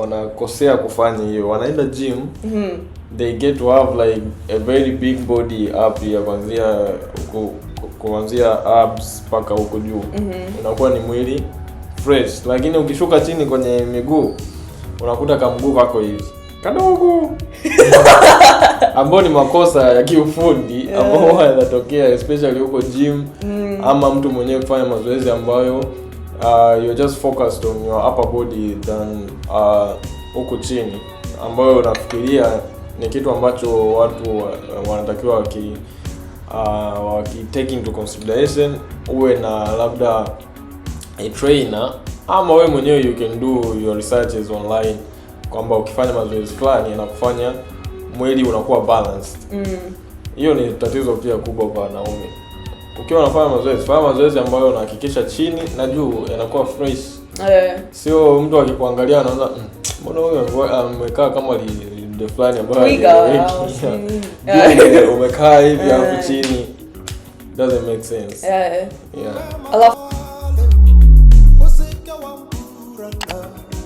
wanakosea kufanya hiyo, wanaenda gym mm -hmm. They get to have like a very big body up ya kuanzia kuanzia abs mpaka huko juu mm -hmm. Unakuwa ni mwili fresh, lakini ukishuka chini kwenye miguu unakuta kamguu kako hivi kadogo ambao ni makosa ya kiufundi ambao yanatokea especially huko gym mm. Ama mtu mwenyewe kufanya mazoezi ambayo uh, you're just focused on your upper body than uh, huku uh, chini, ambayo unafikiria ni kitu ambacho watu uh, wanatakiwa waki uh, waki take into consideration. Uwe na labda a trainer ama wewe mwenyewe you can do your researches online kwamba ukifanya mazoezi fulani kufanya mwili unakuwa balanced. Mm. Hiyo ni tatizo pia kubwa kwa wanaume ukiwa unafanya mazoezi, fanya mazoezi ambayo unahakikisha chini na juu yanakuwa fresh. Yeah. Sio mtu akikuangalia anaona mm, mbona huyo amekaa ah, kama lile fulani ambayo yaani, eh. umekaa hivi eh. hapo chini. Doesn't make sense. Eh. Yeah. Yeah.